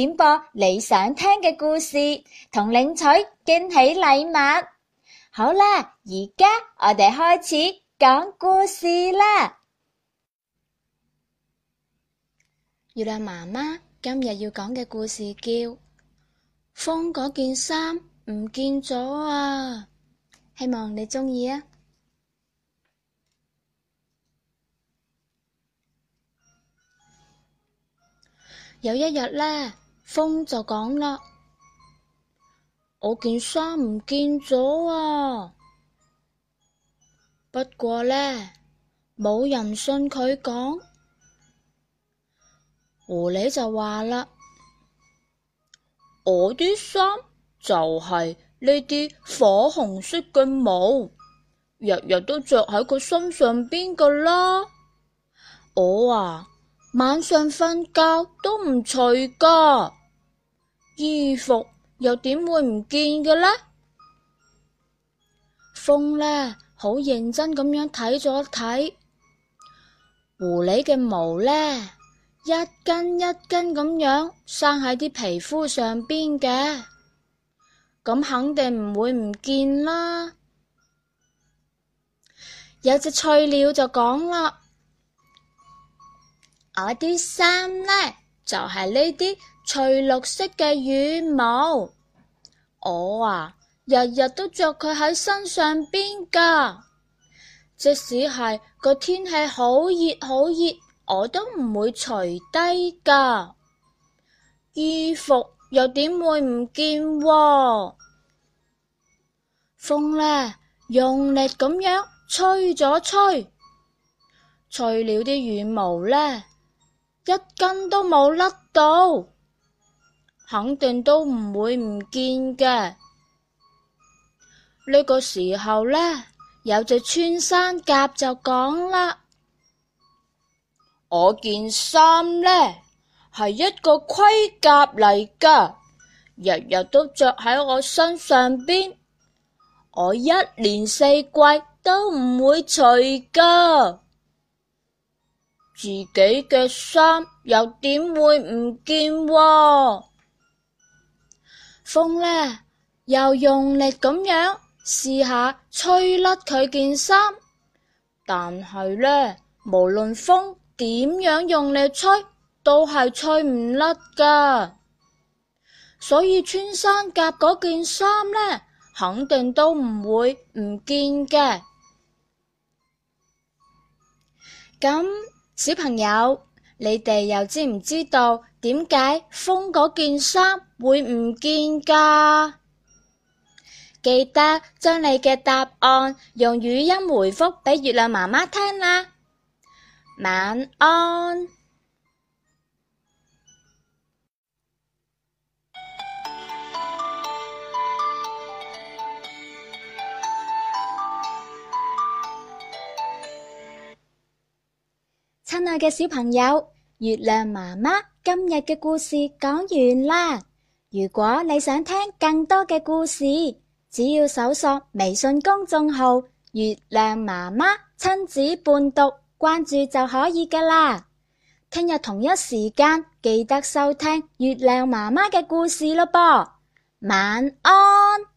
點播你想聽嘅故事，同領取驚喜禮物。好啦，而家我哋開始講故事啦。月亮媽媽今日要講嘅故事叫《風嗰件衫唔見咗啊》，希望你鍾意啊！有一日咧。風就講啦，我件衫唔見咗啊！不過呢，冇人信佢講。狐狸就話啦，我啲衫就係呢啲火紅色嘅帽，日日都着喺佢身上邊噶啦。我啊，晚上瞓覺都唔除噶。衣服又點會唔見嘅呢？風呢，好認真咁樣睇咗睇狐狸嘅毛呢，一根一根咁樣生喺啲皮膚上邊嘅，咁肯定唔會唔見啦。有隻翠鳥就講啦，我啲衫呢，就係呢啲。翠綠色嘅羽毛，我啊日日都着佢喺身上邊噶。即使係個天氣好熱好熱，我都唔會除低噶衣服，又點會唔見？風呢，用力咁樣吹咗吹，翠鳥啲羽毛呢，一根都冇甩到。肯定都唔會唔見嘅。呢個時候呢，有隻穿山甲就講啦：我件衫呢，係一個盔甲嚟噶，日日都着喺我身上邊，我一年四季都唔會除噶，自己嘅衫又點會唔見啊？風呢，又用力咁樣試下吹甩佢件衫，但係呢，無論風點樣用力吹，都係吹唔甩噶。所以穿山甲嗰件衫呢，肯定都唔會唔見嘅。咁，嗯，小朋友，你哋又知唔知道？點解風嗰件衫會唔見㗎？記得將你嘅答案用語音回覆畀月亮媽媽聽啦。晚安，親愛嘅小朋友，月亮媽媽。今日嘅故事講完啦，如果你想聽更多嘅故事，只要搜索微信公眾號《月亮媽媽親子伴讀》，關注就可以㗎啦。聽日同一時間記得收聽月亮媽媽嘅故事咯噃，晚安。